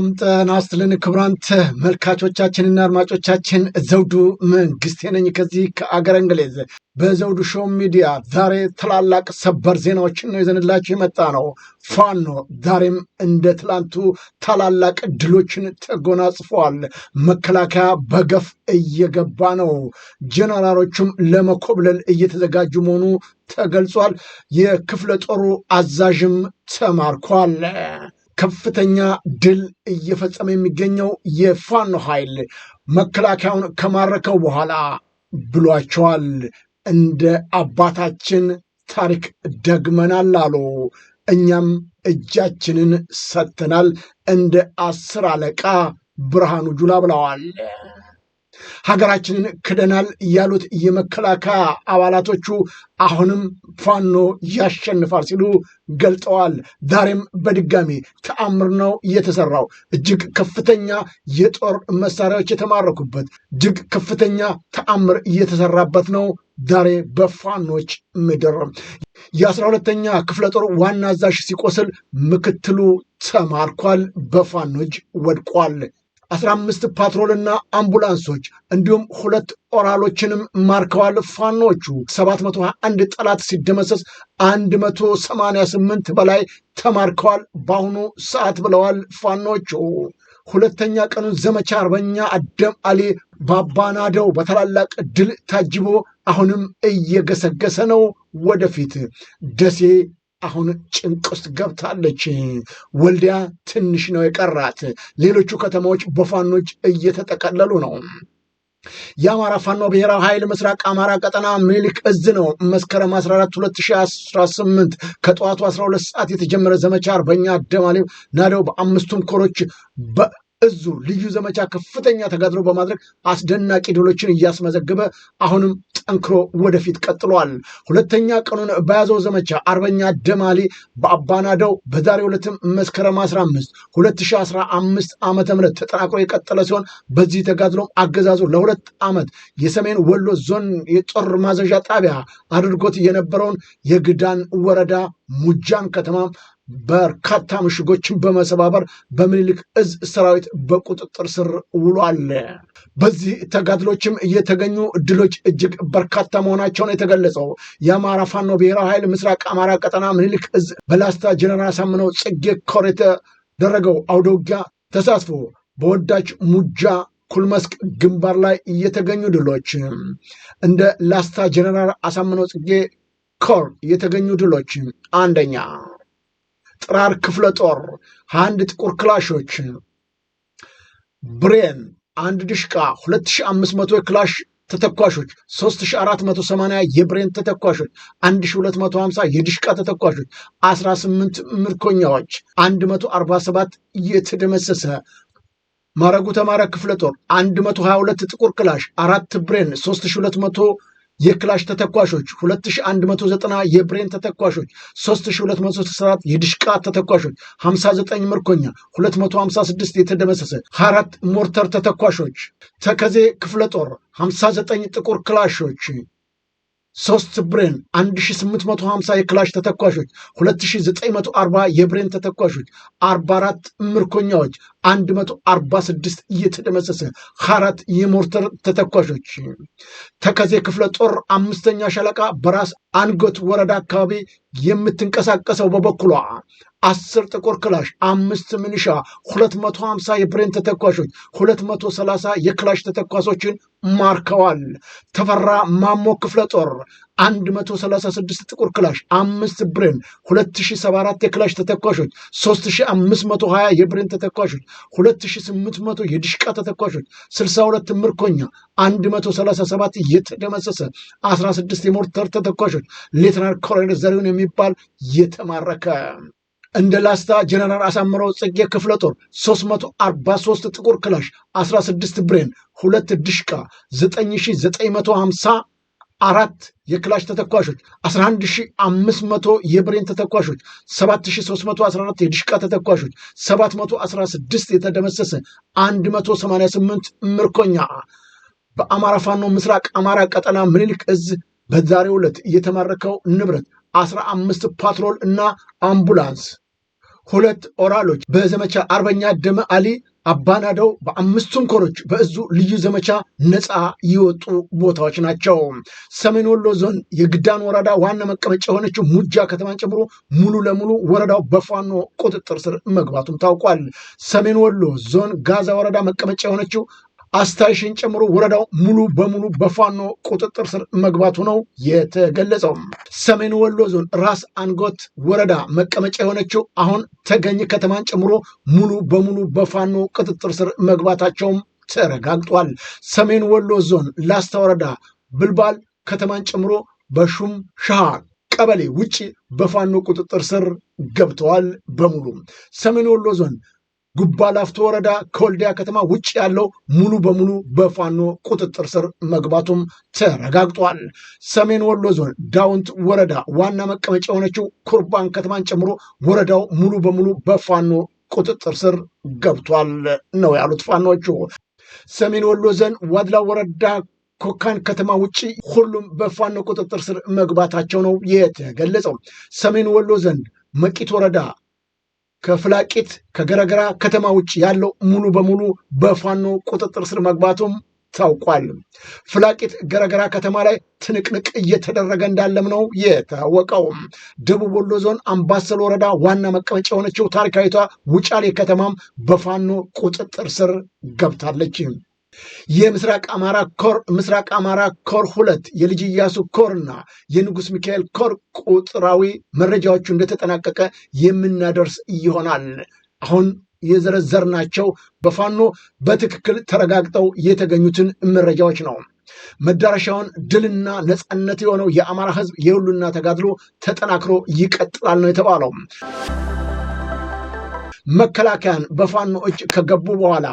ሰላም ጤና ይስጥልን ክቡራን ተመልካቾቻችንና አድማጮቻችን ዘውዱ መንግስቴ ነኝ ከዚህ ከአገር እንግሊዝ በዘውዱ ሾው ሚዲያ ዛሬ ትላላቅ ሰበር ዜናዎችን ነው ይዘንላችሁ የመጣ ነው። ፋኖ ዛሬም እንደ ትላንቱ ታላላቅ ድሎችን ተጎናጽፏል። መከላከያ በገፍ እየገባ ነው። ጀነራሎቹም ለመኮብለል እየተዘጋጁ መሆኑ ተገልጿል። የክፍለ ጦሩ አዛዥም ተማርኳል። ከፍተኛ ድል እየፈጸመ የሚገኘው የፋኖ ኃይል መከላከያውን ከማረከው በኋላ ብሏቸዋል። እንደ አባታችን ታሪክ ደግመናል አሉ። እኛም እጃችንን ሰጥተናል እንደ አስር አለቃ ብርሃኑ ጁላ ብለዋል። ሀገራችንን ክደናል ያሉት የመከላከያ አባላቶቹ አሁንም ፋኖ ያሸንፋል ሲሉ ገልጠዋል። ዛሬም በድጋሚ ተአምር ነው የተሰራው። እጅግ ከፍተኛ የጦር መሳሪያዎች የተማረኩበት እጅግ ከፍተኛ ተአምር እየተሰራበት ነው ዛሬ በፋኖች ምድር። የአስራ ሁለተኛ ክፍለ ጦር ዋና አዛዥ ሲቆስል ምክትሉ ተማርኳል፣ በፋኖች ወድቋል። አስራ አምስት ፓትሮልና አምቡላንሶች እንዲሁም ሁለት ኦራሎችንም ማርከዋል። ፋኖቹ 721 ጠላት ሲደመሰስ 188 በላይ ተማርከዋል በአሁኑ ሰዓት ብለዋል ፋኖቹ። ሁለተኛ ቀኑን ዘመቻ አርበኛ አደም አሊ ባባናደው በታላላቅ ድል ታጅቦ አሁንም እየገሰገሰ ነው። ወደፊት ደሴ አሁን ጭንቅ ውስጥ ገብታለች። ወልዲያ ትንሽ ነው የቀራት። ሌሎቹ ከተማዎች በፋኖች እየተጠቀለሉ ነው። የአማራ ፋኖ ብሔራዊ ኃይል ምስራቅ አማራ ቀጠና ሚሊክ እዝ ነው መስከረም 14 2018 ከጠዋቱ 12 ሰዓት የተጀመረ ዘመቻ አርበኛ አደማሌው ናደው በአምስቱም ኮሮች እዙ ልዩ ዘመቻ ከፍተኛ ተጋድሎ በማድረግ አስደናቂ ድሎችን እያስመዘገበ አሁንም ጠንክሮ ወደፊት ቀጥሏል። ሁለተኛ ቀኑን በያዘው ዘመቻ አርበኛ ደማሊ በአባናደው በዛሬው ዕለትም መስከረም 15 2015 ዓ ም ተጠናክሮ የቀጠለ ሲሆን በዚህ ተጋድሎም አገዛዙ ለሁለት ዓመት የሰሜን ወሎ ዞን የጦር ማዘዣ ጣቢያ አድርጎት የነበረውን የግዳን ወረዳ ሙጃን ከተማ በርካታ ምሽጎችን በመሰባበር በምኒልክ እዝ ሰራዊት በቁጥጥር ስር ውሏል። በዚህ ተጋድሎችም የተገኙ ድሎች እጅግ በርካታ መሆናቸውን የተገለጸው የአማራ ፋኖ ብሔራዊ ኃይል ምስራቅ አማራ ቀጠና ምኒልክ እዝ በላስታ ጀነራል አሳምነው ጽጌ ኮር የተደረገው አውደ ውጊያ ተሳትፎ በወዳጅ ሙጃ ኩልመስክ ግንባር ላይ የተገኙ ድሎች እንደ ላስታ ጀነራል አሳምነው ጽጌ ኮር የተገኙ ድሎች አንደኛ ጥራር ክፍለ ጦር አንድ ጥቁር ክላሾች ብሬን አንድ ድሽቃ 2500 ክላሽ ተተኳሾች 3480 የብሬን ተተኳሾች 1250 የድሽቃ ተተኳሾች 18 ምርኮኛዎች 147 የተደመሰሰ ማረጉ ተማረ ክፍለ ጦር 122 ጥቁር ክላሽ አራት ብሬን 3200 የክላሽ ተተኳሾች 2190 የብሬን ተተኳሾች 3264 የድሽቃ ተተኳሾች 59 ምርኮኛ 256 የተደመሰሰ 24 ሞርተር ተተኳሾች ተከዜ ክፍለ ጦር 59 ጥቁር ክላሾች ሶስት ብሬን 1850 የክላሽ ተተኳሾች 2940 የብሬን ተተኳሾች 44 ምርኮኛዎች 146 እየተደመሰሰ አራት የሞርተር ተተኳሾች ተከዜ ክፍለ ጦር አምስተኛ ሻለቃ በራስ አንገት ወረዳ አካባቢ የምትንቀሳቀሰው በበኩሏ አስር ጥቁር ክላሽ፣ አምስት ምንሻ፣ ሁለት መቶ ሀምሳ የብሬን ተተኳሾች፣ ሁለት መቶ ሰላሳ የክላሽ ተተኳሶችን ማርከዋል። ተፈራ ማሞ ክፍለ ጦር ስድስት ጥቁር ክላሽ፣ አምስት ብሬን፣ አራት የክላሽ ተተኳሾች፣ ሀያ የብሬን ተተኳሾች፣ መቶ የድሽቃ ተተኳሾች፣ 62 ምርኮኛ፣ ሰባት የተደመሰሰ፣ 16 የሞርተር ተተኳሾች ሌተናል ኮሎኔል ዘሪሁን የሚባል የተማረከ እንደ ላስታ ጀነራል አሳምረው ጽጌ ክፍለ ጦር 343 ጥቁር ክላሽ 16 ብሬን 2 ድሽቃ 9950 አራት የክላሽ ተተኳሾች 11500 የብሬን ተተኳሾች 7314 የድሽቃ ተተኳሾች 716 የተደመሰሰ 188 ምርኮኛ በአማራ ፋኖ ምስራቅ አማራ ቀጠና ምኒልክ እዝ በዛሬው ዕለት እየተማረከው ንብረት አስራ አምስት ፓትሮል እና አምቡላንስ ሁለት ኦራሎች በዘመቻ አርበኛ ደመ አሊ አባናደው በአምስቱም ኮሮች በእዙ ልዩ ዘመቻ ነፃ የወጡ ቦታዎች ናቸው። ሰሜን ወሎ ዞን የግዳን ወረዳ ዋና መቀመጫ የሆነችው ሙጃ ከተማን ጨምሮ ሙሉ ለሙሉ ወረዳው በፋኖ ቁጥጥር ስር መግባቱም ታውቋል። ሰሜን ወሎ ዞን ጋዛ ወረዳ መቀመጫ የሆነችው አስታይሽን ጨምሮ ወረዳው ሙሉ በሙሉ በፋኖ ቁጥጥር ስር መግባቱ ነው የተገለጸው። ሰሜን ወሎ ዞን ራስ አንጎት ወረዳ መቀመጫ የሆነችው አሁን ተገኝ ከተማን ጨምሮ ሙሉ በሙሉ በፋኖ ቁጥጥር ስር መግባታቸውም ተረጋግጧል። ሰሜን ወሎ ዞን ላስታ ወረዳ ብልባል ከተማን ጨምሮ በሹም ሻሃ ቀበሌ ውጭ በፋኖ ቁጥጥር ስር ገብተዋል በሙሉ ሰሜን ወሎ ዞን ጉባላፍቶ ወረዳ ከወልዲያ ከተማ ውጭ ያለው ሙሉ በሙሉ በፋኖ ቁጥጥር ስር መግባቱም ተረጋግጧል። ሰሜን ወሎ ዞን ዳውንት ወረዳ ዋና መቀመጫ የሆነችው ኩርባን ከተማን ጨምሮ ወረዳው ሙሉ በሙሉ በፋኖ ቁጥጥር ስር ገብቷል ነው ያሉት ፋኖቹ። ሰሜን ወሎ ዞን ዋድላ ወረዳ ኮካን ከተማ ውጭ ሁሉም በፋኖ ቁጥጥር ስር መግባታቸው ነው የተገለጸው። ሰሜን ወሎ ዘንድ መቂት ወረዳ ከፍላቂት ከገረገራ ከተማ ውጭ ያለው ሙሉ በሙሉ በፋኖ ቁጥጥር ስር መግባቱም ታውቋል። ፍላቂት ገረገራ ከተማ ላይ ትንቅንቅ እየተደረገ እንዳለም ነው የታወቀው። ደቡብ ወሎ ዞን አምባሰል ወረዳ ዋና መቀመጫ የሆነችው ታሪካዊቷ ውጫሌ ከተማም በፋኖ ቁጥጥር ስር ገብታለች። የምስራቅ አማራ ኮር ሁለት የልጅ እያሱ ኮርና የንጉስ ሚካኤል ኮር ቁጥራዊ መረጃዎቹ እንደተጠናቀቀ የምናደርስ ይሆናል። አሁን የዘረዘርናቸው በፋኖ በትክክል ተረጋግጠው የተገኙትን መረጃዎች ነው። መዳረሻውን ድልና ነፃነት የሆነው የአማራ ህዝብ የሁሉና ተጋድሎ ተጠናክሮ ይቀጥላል ነው የተባለው። መከላከያን በፋኖ እጅ ከገቡ በኋላ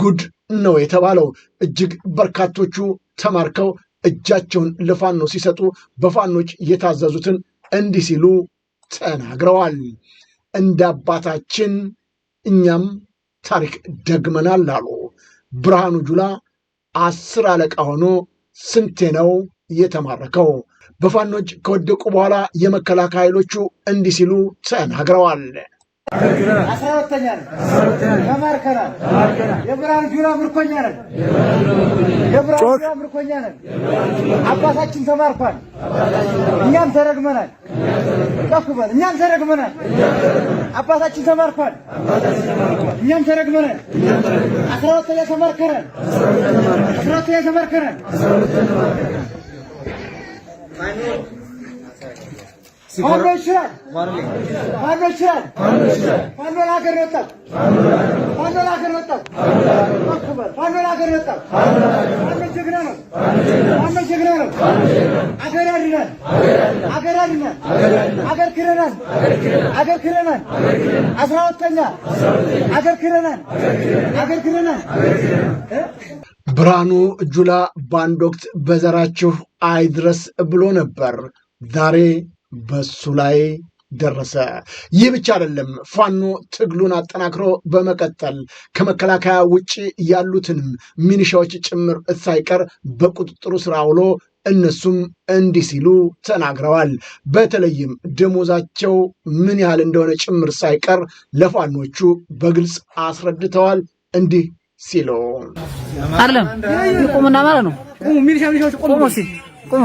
ጉድ ነው የተባለው። እጅግ በርካቶቹ ተማርከው እጃቸውን ለፋኖ ሲሰጡ በፋኖች የታዘዙትን እንዲህ ሲሉ ተናግረዋል። እንደ አባታችን እኛም ታሪክ ደግመናል አሉ። ብርሃኑ ጁላ አስር አለቃ ሆኖ ስንቴ ነው የተማረከው? በፋኖች ከወደቁ በኋላ የመከላከያ ኃይሎቹ እንዲህ ሲሉ ተናግረዋል። አስራ ሁለተኛ ነን ተማርከናል። የብርሃን ጁላ ምርኮኛ ነን። የብርሃን ጁላ ምርኮኛ ነን። አባታችን ተማርኳል። እኛም ተረግመናል። ጠፍበል እኛም ተረግመናል። አባታችን ተማርኳል። እኛም ተረግመናል። አስራ ሁለተኛ ተማርከናል። አስራ ሁለተኛ ተማርከናል። ፋኖ ይሽራል፣ ፋኖ ይሽራል፣ ፋኖ ለሀገር ወጣት፣ ፋኖ ለሀገር ወጣት፣ ፋኖ ለሀገር ወጣት፣ ፋኖ ጀግና ነው፣ ፋኖ ጀግና ነው። አገር ያድናል፣ አገር ያድናል፣ አገር ክረናል፣ አገር ክረናል፣ አስራ ሁለተኛ አገር ክረናል፣ አገር ክረናል። ብርሃኑ ጁላ በአንድ ወቅት በዘራችሁ አይድረስ ብሎ ነበር። ዛሬ በሱ ላይ ደረሰ። ይህ ብቻ አይደለም። ፋኖ ትግሉን አጠናክሮ በመቀጠል ከመከላከያ ውጭ ያሉትንም ሚኒሻዎች ጭምር ሳይቀር በቁጥጥሩ ስራ አውሎ እነሱም እንዲህ ሲሉ ተናግረዋል። በተለይም ደሞዛቸው ምን ያህል እንደሆነ ጭምር ሳይቀር ለፋኖቹ በግልጽ አስረድተዋል። እንዲህ ሲሉ አለም ቁሙና ማለት ነው ቁሙ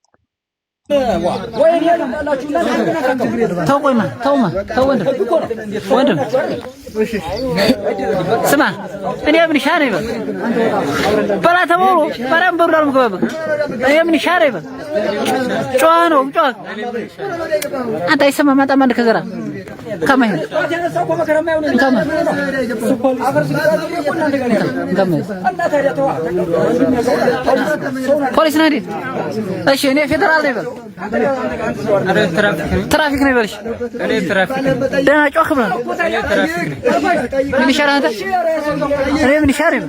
ተውቆይማ ተውማ ተው ወንድም ወንድም ስማ፣ እኔ ምን ሻ ነው ይበል በላ ተበሉ ባራም በሉ አልምገበብ እኔ ምን ሻ ነው ይበል ጨዋ ነው ጨዋ አንተ አይሰማም። አጣም አንድ ከዘራ ፖሊስ ነው እንዴ? እሺ፣ እኔ ፌደራል ነው ትራፊክ ነው ይበልሽ። ደህና ጮክ ብለህ ምን ይሻልህ አንተ? እኔ ምን ይሻልህ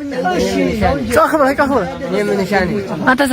ጮክ ብለህ ጮክ ብለህ አንተሳ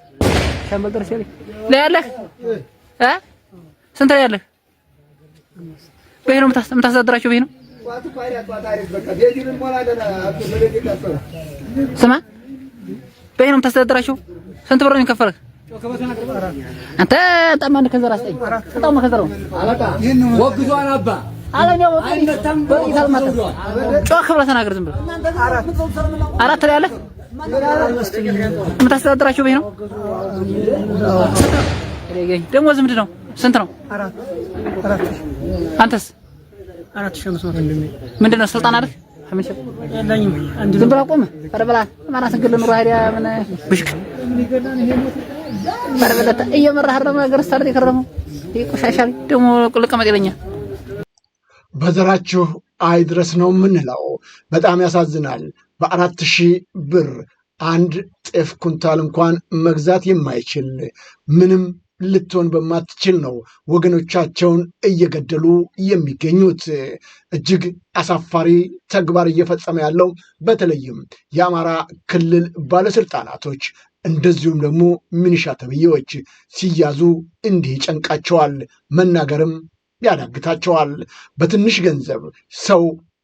ላይ ያለህ እ ስንት ላይ ያለህ በይህ ነው የምታስተዳድራቸው? ነው ስማ፣ ነው የምታስተዳድራቸው? ስንት ብር ነው የሚከፈልህ? አንተ በጣም ከዘራ አስጠኝ። ወግዟን አባ ጮክ ብለህ ተናገር። ዝም ብለህ አራት ላይ ያለህ የምታስተዳድራቸው በይ ነው ደግሞ ዝምድ ነው። ስንት ነው? አንተስ ምንድን ነው? ስልጣን አለህ? ዝም ብላ ቆመህ ኧረ በላ ማናት ግን ልኑሮ ሀዲያ ምን ብሽቅ ኧረ በለታ እየመራህ አይደለም ነገር ስታደርግ የከረመው ቆሻሻ ደግሞ ልቀመጥ ይለኛል። በዘራችሁ አይድረስ ነው የምንለው። በጣም ያሳዝናል። በአራት ሺህ ብር አንድ ጤፍ ኩንታል እንኳን መግዛት የማይችል ምንም ልትሆን በማትችል ነው ወገኖቻቸውን እየገደሉ የሚገኙት። እጅግ አሳፋሪ ተግባር እየፈጸመ ያለው በተለይም የአማራ ክልል ባለስልጣናቶች እንደዚሁም ደግሞ ሚኒሻ ተብዬዎች ሲያዙ እንዲህ ይጨንቃቸዋል፣ መናገርም ያዳግታቸዋል። በትንሽ ገንዘብ ሰው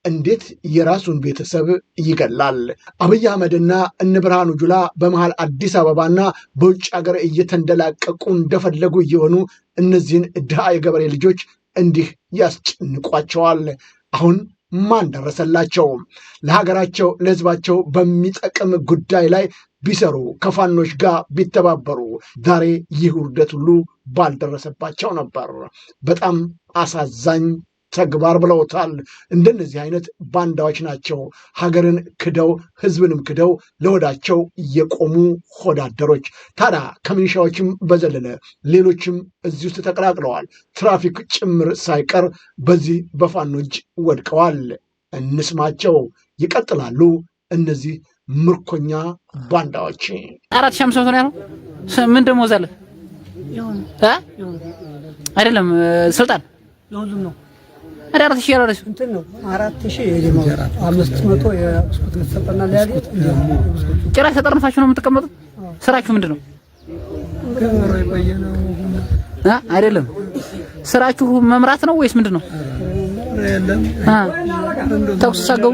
እንዴት የራሱን ቤተሰብ ይገላል? አብይ አህመድና እነ ብርሃኑ ጁላ በመሃል አዲስ አበባና በውጭ ሀገር እየተንደላቀቁ እንደፈለጉ እየሆኑ እነዚህን ድሃ የገበሬ ልጆች እንዲህ ያስጨንቋቸዋል። አሁን ማን ደረሰላቸው? ለሀገራቸው ለህዝባቸው በሚጠቅም ጉዳይ ላይ ቢሰሩ ከፋኖች ጋር ቢተባበሩ ዛሬ ይህ ውርደት ሁሉ ባልደረሰባቸው ነበር። በጣም አሳዛኝ ተግባር ብለውታል። እንደነዚህ አይነት ባንዳዎች ናቸው ሀገርን ክደው ህዝብንም ክደው ለወዳቸው የቆሙ ሆዳደሮች። ታዲያ ከሚኒሻዎችም በዘለለ ሌሎችም እዚህ ውስጥ ተቀላቅለዋል። ትራፊክ ጭምር ሳይቀር በዚህ በፋኖ እጅ ወድቀዋል። እንስማቸው ይቀጥላሉ እነዚህ ምርኮኛ ባንዳዎች። አራት ሺህ አምስት መቶ ነው ያለው። ምን ደሞዝ አለ አይደለም ስልጣን አራት ሺህ አራት ሺህ እንትን ነው። አራት ሺህ አምስት መቶ የብስኩት ተሰጠናል። ጭራሽ ተጠርንፋችሁ ነው የምትቀመጡት? ስራችሁ ምንድን ነው? አይደለም ስራችሁ መምራት ነው ወይስ ምንድን ነው? ተኩስ ሳገቡ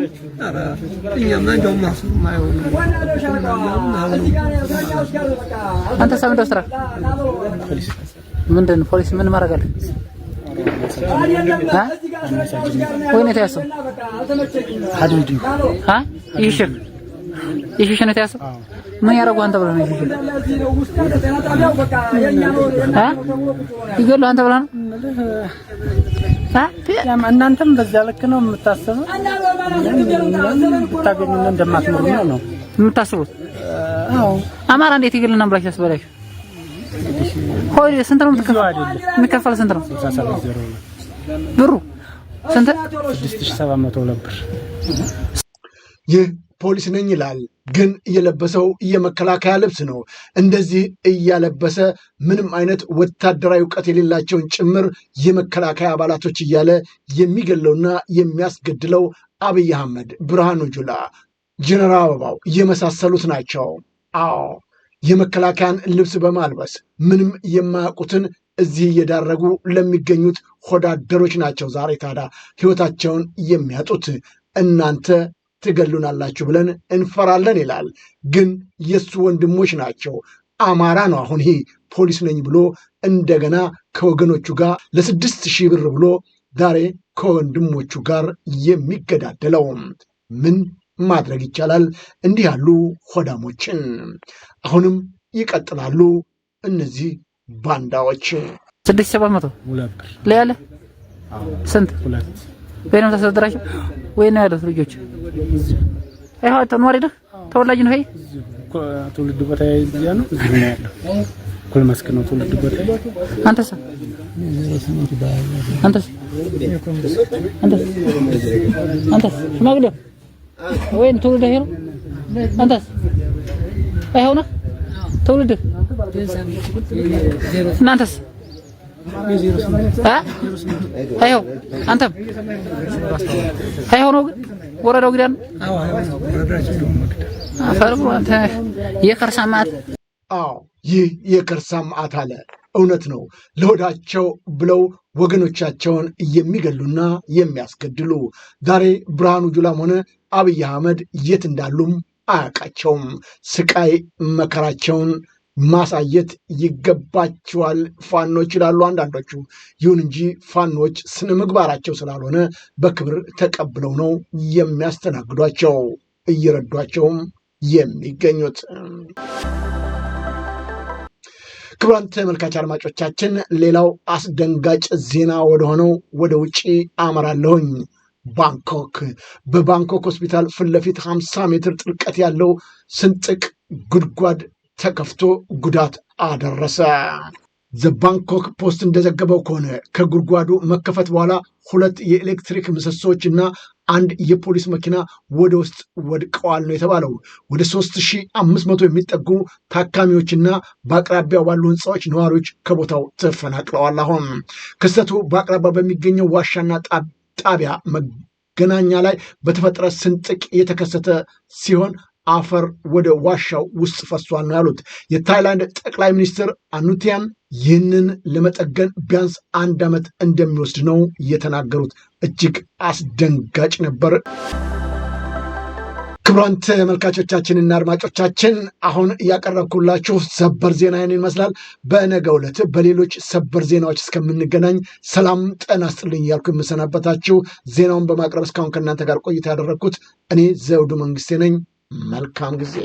አንተ ሳምንደው ስራ ምንድን ፖሊስ ምን ማድረግ አለ? ወይኔ ተያሰው ይህ ሽህ ይህ ሽህ ነው ተያሰው ምን ያደረጉ አንተ ብለህ ነው? ይገሉ አንተ ብለህ ነው? እናንተም በዛ ልክ ነው የምታስበው፣ ታገኙ እንደማትኖሩ ነው ነው የምታስቡት። አማራ እንዴት ይገለናል ብላችሁ ታስባላችሁ? ሆይ ስንት ነው የሚከፈል? ስንት ነው ብሩ? ስንት? ስድስት ሺህ ሰባት መቶ ይህ ፖሊስ ነኝ ይላል፣ ግን እየለበሰው የመከላከያ ልብስ ነው። እንደዚህ እያለበሰ ምንም አይነት ወታደራዊ እውቀት የሌላቸውን ጭምር የመከላከያ አባላቶች እያለ የሚገለውና የሚያስገድለው አብይ አህመድ፣ ብርሃኑ ጁላ፣ ጀነራል አበባው የመሳሰሉት ናቸው። አዎ የመከላከያን ልብስ በማልበስ ምንም የማያውቁትን እዚህ እየዳረጉ ለሚገኙት ሆዳደሮች ናቸው። ዛሬ ታዲያ ህይወታቸውን የሚያጡት እናንተ ትገሉናላችሁ ብለን እንፈራለን ይላል። ግን የእሱ ወንድሞች ናቸው። አማራ ነው። አሁን ይሄ ፖሊስ ነኝ ብሎ እንደገና ከወገኖቹ ጋር ለስድስት ሺህ ብር ብሎ ዛሬ ከወንድሞቹ ጋር የሚገዳደለው ምን ማድረግ ይቻላል። እንዲህ ያሉ ሆዳሞችን አሁንም ይቀጥላሉ እነዚህ ባንዳዎች። ስድስት ሰባት መቶ ለያለ ስንት ወይ ነው ታስተዳድራቸው ወይ ነው ያሉት ልጆች ይኸው ነዋሪ ነህ ተወላጅ ነው ትውልድ ቦታ ያ ነው ኩል መስክ ነው ትውልድ ቦታ አንተሳ አንተስ አንተስ አንተስ ሽማግሌ ወይም ትውልድህ ይሄ ነው። አንተስ አይሆነ ትውልድህ እናንተስ አይሆ አንተም አይሆ ነው። ግን ወረዳው ግዳን የከርሳ መዓት አዎ፣ ይህ የከርሳ መዓት አለ። እውነት ነው ለሆዳቸው ብለው ወገኖቻቸውን የሚገሉና የሚያስገድሉ ዛሬ ብርሃኑ ጁላም ሆነ አብይ አህመድ የት እንዳሉም አያውቃቸውም። ስቃይ መከራቸውን ማሳየት ይገባቸዋል ፋኖች ይላሉ አንዳንዶቹ። ይሁን እንጂ ፋኖች ስነ ምግባራቸው ስላልሆነ በክብር ተቀብለው ነው የሚያስተናግዷቸው እየረዷቸውም የሚገኙት። ክቡራን ተመልካች አድማጮቻችን፣ ሌላው አስደንጋጭ ዜና ወደሆነው ወደ ውጭ አመራለሁኝ። ባንኮክ በባንኮክ ሆስፒታል ፊት ለፊት 50 ሜትር ጥልቀት ያለው ስንጥቅ ጉድጓድ ተከፍቶ ጉዳት አደረሰ። ዘባንኮክ ፖስት እንደዘገበው ከሆነ ከጉድጓዱ መከፈት በኋላ ሁለት የኤሌክትሪክ ምሰሶዎች እና አንድ የፖሊስ መኪና ወደ ውስጥ ወድቀዋል ነው የተባለው። ወደ 3500 የሚጠጉ ታካሚዎችና በአቅራቢያው ባሉ ህንፃዎች ነዋሪዎች ከቦታው ተፈናቅለዋል። አሁን ክስተቱ በአቅራቢያው በሚገኘው ዋሻና ጣቢያ መገናኛ ላይ በተፈጠረ ስንጥቅ የተከሰተ ሲሆን አፈር ወደ ዋሻው ውስጥ ፈሷል ነው ያሉት። የታይላንድ ጠቅላይ ሚኒስትር አኑቲያን ይህንን ለመጠገን ቢያንስ አንድ ዓመት እንደሚወስድ ነው የተናገሩት። እጅግ አስደንጋጭ ነበር። ክቡራን ተመልካቾቻችንና አድማጮቻችን አሁን ያቀረብኩላችሁ ሰበር ዜና ይህን ይመስላል። በነገው ዕለት በሌሎች ሰበር ዜናዎች እስከምንገናኝ ሰላም ጤና ይስጥልኝ እያልኩ የምሰናበታችሁ ዜናውን በማቅረብ እስካሁን ከእናንተ ጋር ቆይታ ያደረግኩት እኔ ዘውዱ መንግስቴ ነኝ። መልካም ጊዜ